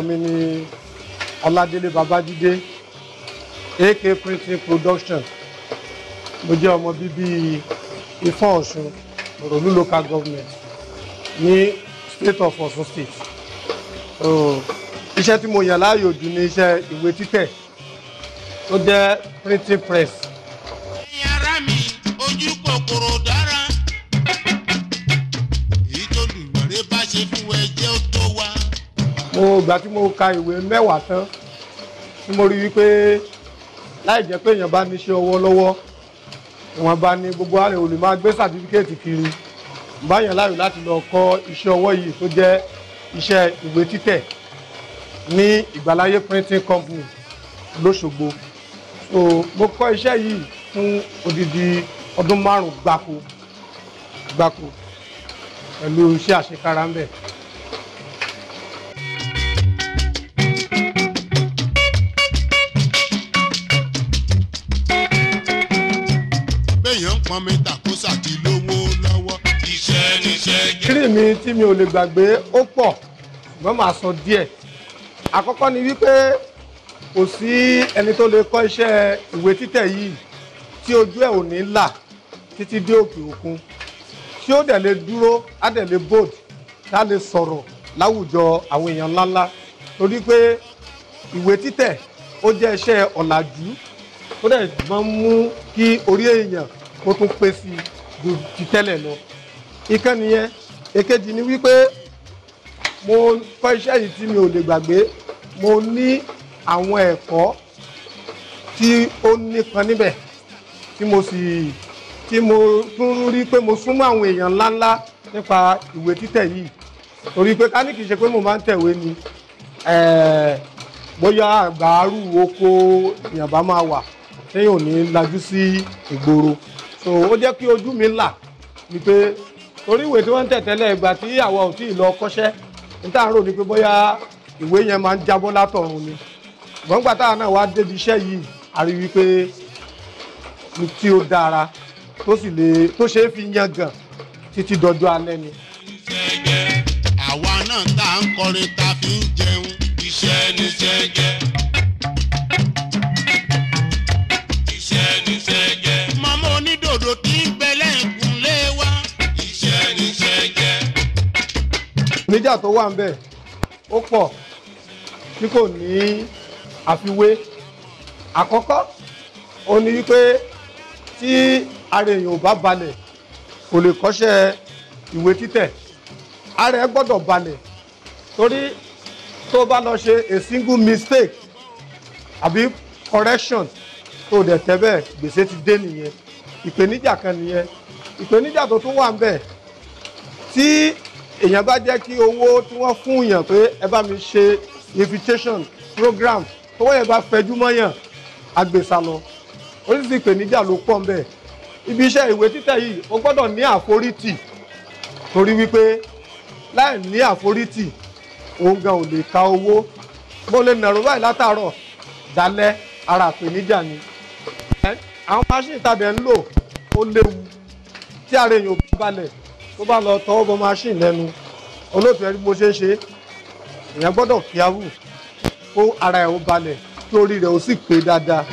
orúkọ mi ni Ọládélé Babájídé AK Printing Production mo jẹ́ ọmọ bíbí Ifọ̀n Ọ̀ṣun Òròlú local government ní state of Ọ̀ṣun state iṣẹ́ tí mo yàn láàyò jù ni iṣẹ́ ìwé títẹ̀ tó jẹ́ printing press. ojú kòkòrò dára èyí tó lùgbàrẹ́ bá ṣe fún ẹ jẹ́ òtún mo gbà tí mo ka ìwé mẹ́wàá tán tí mo rí wípé láì jẹ́ pé èèyàn bá níṣẹ́ ọwọ́ lọ́wọ́ ìwọ̀n bá ní gbogbo àrẹ olè máa gbé sàtífíkẹ́ẹ̀tì kiri báyàn láyò láti lọ kọ́ iṣẹ́ ọwọ́ yìí tó jẹ́ iṣẹ́ ìwé títẹ̀ ní ìgbàláyé printing company lọ́ṣogbo so mo kọ́ iṣẹ́ yìí fún odidi ọdún márùn-ún gbáko gbáko pẹ̀lú iṣẹ́ àṣekára ń bẹ̀. kan mẹ́ta kó sàti lówó lọ́wọ́. iṣẹ́ níṣẹ́ jẹ́. kírì mi tí mi ò lè gbàgbé ó pọ̀ ṣùgbọ́n màá sọ díẹ̀ àkọ́kọ́ ni wípé kò sí ẹni tó lè kọ́ iṣẹ́ ìwé títẹ̀ yìí tí ojú ẹ̀ ò ní là títí dé òkè òkun tí ó dẹ̀ lè dúró á dẹ̀ lè bold tá a lè sọ̀rọ̀ láwùjọ àwọn èèyàn ńláńlá torí pé ìwé títẹ̀ ó jẹ́ iṣẹ́ ọ̀làjú ó dẹ̀ máa ń mú kí orí èèyàn ó tún pé sí ju ti tẹ́lẹ̀ lọ ìkan nìyẹn èkejì ni wípé mo kọ́ iṣẹ́ yìí tí mi ò lè gbàgbé mo ní àwọn ẹ̀kọ́ tí ó nípọn níbẹ̀ tí mo sì tí mo tún rí pé mo súnmọ́ àwọn èèyàn ńláńlá nípa ìwé títẹ̀ yìí torí pé ká ní kì í ṣe pé mo máa ń tẹ̀wé ni eh, bóyá àgbàárù oko ìyàbá máa wà téèyàn ò ní lajú sí ìgboro so ó jẹ́ kí ojú mi là wípé torí ìwé tí wọ́n ń tẹ̀tẹ́lẹ̀ ìgbà tí àwa ò tí ì lọ kọ́ṣẹ́ níta rò ní pé bóyá ìwé yẹn máa ń jábọ́ látọ̀run ni gbọ̀ngbà táwa náà wá débi iṣẹ́ yìí a rí wípé ní tí ó dára tó sì lè tó ṣeé fi yan gàn títí dọjọ́ alẹ́ ni. àwa náà tá à ń kọrin tá a fi ń jẹun iṣẹ́ níṣẹ́ jẹ́. ìpèníjà tó wà ń bẹ̀ ó pọ̀ tí kò ní àfiwé àkọ́kọ́ ó ní wípé tí ara èèyàn ò bá balẹ̀ kò lè kọ́ṣẹ́ ìwé títẹ̀ ara ẹ gbọ́dọ̀ balẹ̀ torí tó bá lọ ṣe a single mistake àbí correction tó dẹ̀ tẹ́ bẹ́ẹ̀ gbèsè ti dé nìyẹn ìpèníjà kan nìyẹn ìpèníjà tó tún wà ń bẹ̀ tí èèyàn bá jẹ́ kí owó tí wọ́n fún yàn pé ẹ bá mi ṣe invitation program tọwọ́ yẹn bá fẹjú mọ́ yàn agbèsà lọ oríṣiríṣi ìpèníjà ló pọ̀ nbẹ̀ ibi iṣẹ́ ìwé títẹ̀ yìí o gbọ́dọ̀ ní àforítì torí wípé láì ní àforítì òun gan ò lè ka owó bó lè nàró báyìí látàárọ̀ dalẹ́ ara ìpèníjà ni àwọn máṣíìnì tàbí ẹ̀ ń lò ó léwu tí ara èèyàn ò bí balẹ̀ tó bá lọ tọwọ́ bọ machine lẹ́nu olóòtú ẹni bó ṣe ń ṣe èèyàn gbọ́dọ̀ fi awù kó ara ẹ̀ ó balẹ̀ kí orí rẹ̀ ó sì pé dáadáa.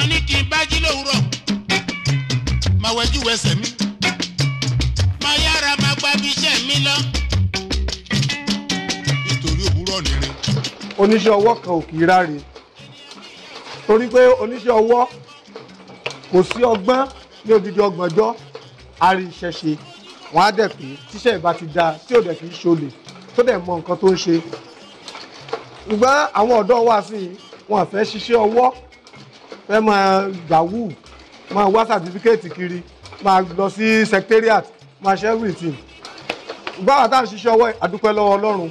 a kí n bá jí lówùúrọ̀ máa wẹjú wẹsẹ̀ mi máa yára máa gba iṣẹ́ mi lọ nítorí òwúrọ̀ nìrin. oníṣẹ́ ọwọ́ kan ò kì í ráre torí pé oníṣẹ́ ọwọ́ kò sí ọgbọ́n ní odidi ọgbọ̀njọ́ àrí iṣẹ́ ṣe wọ́n á dẹ̀ pé tíṣẹ́ ìbá ti dáa tí ò dẹ̀ fi ṣolè tó dẹ̀ mọ nǹkan tó ń ṣe ṣùgbọ́n àwọn ọ̀dọ́ wa sí i wọn fẹ́ ṣiṣẹ́ ọwọ́ fẹ́ máa gbàwù máa wá sàtífíkẹ́ẹ̀tì kiri máa lọ sí secretariat máa ṣe everything gbára tá à ń ṣiṣẹ́ ọwọ́ àdúpẹ́ lọ́wọ́ ọlọ́run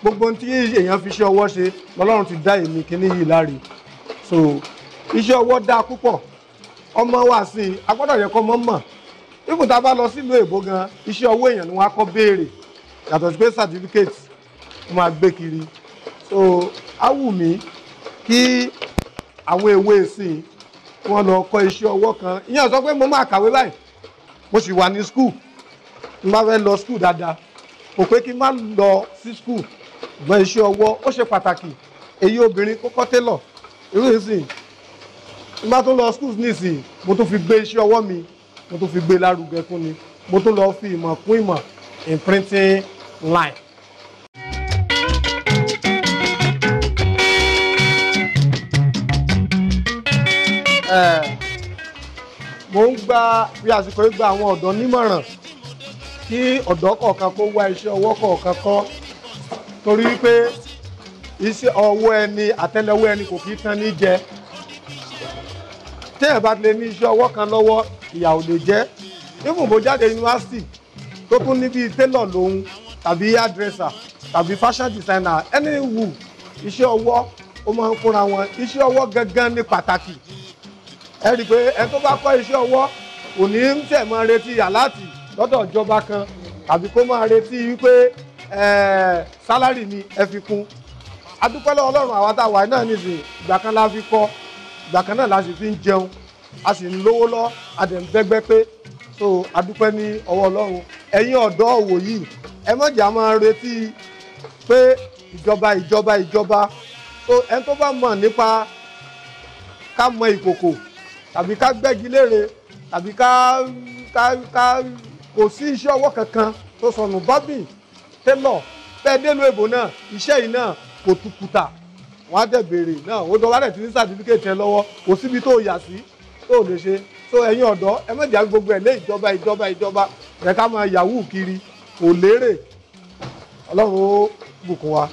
gbogbo tí èèyàn fi ṣe ọwọ́ ṣe lọ́lọ́run ti dá èmi kíní yìí láre so iṣẹ́ ọwọ́ dáa púpọ̀ ọmọ wa sí i agbọ́dọ̀ yẹ kọ́ mọ́ mọ̀ ibùdó tá bá lọ sílùú èbó gan iṣẹ́ ọwọ́ èèyàn ni wọ́n á kọ́ béèrè yàtọ̀ sí pé certificate wọ́n máa gbé kiri so á wù mí kí àwọn èwe sí i kí wọ́n lọ kọ́ iṣẹ́ ọwọ́ kan ìyẹn sọ pé mo máa kàwé báyìí mo sì wà ní school mo máa fẹ́ lọ school dáadáa kò pé kí n má lọ sí school gbọ́n iṣẹ́ ọwọ́ ó ṣe pàtàkì èyí obìnrin kókọ́ télọ̀ irú ìsìn n bá tún lọ schools nísìnyí mo tún fi gbé iṣẹ́ ọwọ́ mi mo tún fi gbé lárugẹ kún ni mo tún lọ fi ìmọ̀ kún ìmọ̀ in printing line. mo ń gba bí àsìkò yìí gba àwọn ọ̀dọ́ nímọ̀ràn kí ọ̀dọ́ kọ̀ọ̀kan kó wá iṣẹ́ ọwọ́ kọ̀ọ̀kan kọ́ torí pé iṣẹ́ ọwọ́ ẹni àtẹ́lẹwọ́ ẹni kò kí tán ní jẹ téèyàn bá lè ní iṣẹ́ ọwọ́ kan lọ́wọ́ ìyàwó lè jẹ́ even bó jáde yunifásitì níbi tailor lòun tàbí hairdresser tàbí fashion designer any who iṣẹ́ ọwọ́ ó máa ń fúnra wọn iṣẹ́ ọwọ́ gangan ní pàtàkì ẹ rí pé ẹni tó bá kọ́ iṣẹ́ ọwọ́ kò ní tẹ̀ máa retí lọ́dọ̀ ìjọba tàbí kó máa retí wípé sálárì ni ẹ fi ìgbà kan náà la sì fi ń jẹun a sì ń lówó lọ a dẹ̀ ń bẹ́gbẹ́ pé so a dúpẹ́ ní ọwọ́ ọlọ́run ẹ̀yin ọ̀dọ́ òwò yìí ẹ má jà máa retí pé ìjọba ìjọba ìjọba so ẹni tó bá mọ̀ nípa ká mọ ìkòkò tàbí ká gbẹ́gi léèrè tàbí ká ká ká kò sí iṣẹ́ ọwọ́ kankan tó sọnù bábìn tẹ́lọ̀ tẹ́ẹ́dẹ́lu èbò náà iṣẹ́ yìí náà kò tukuta wọ́n á dẹ̀ béèrè náà ó dọ̀ wá dẹ̀ ti ní sàtífíkẹ́tì ẹ lọ́wọ́ kò síbi tó yà sí tó lè ṣe so ẹ̀yin ọ̀dọ́ ẹ má jà gbogbo ẹ̀ lé ìjọba ìjọba ìjọba ẹ̀ ká máa yahoo kiri kò lérè ọlọ́run ó bùkún wa.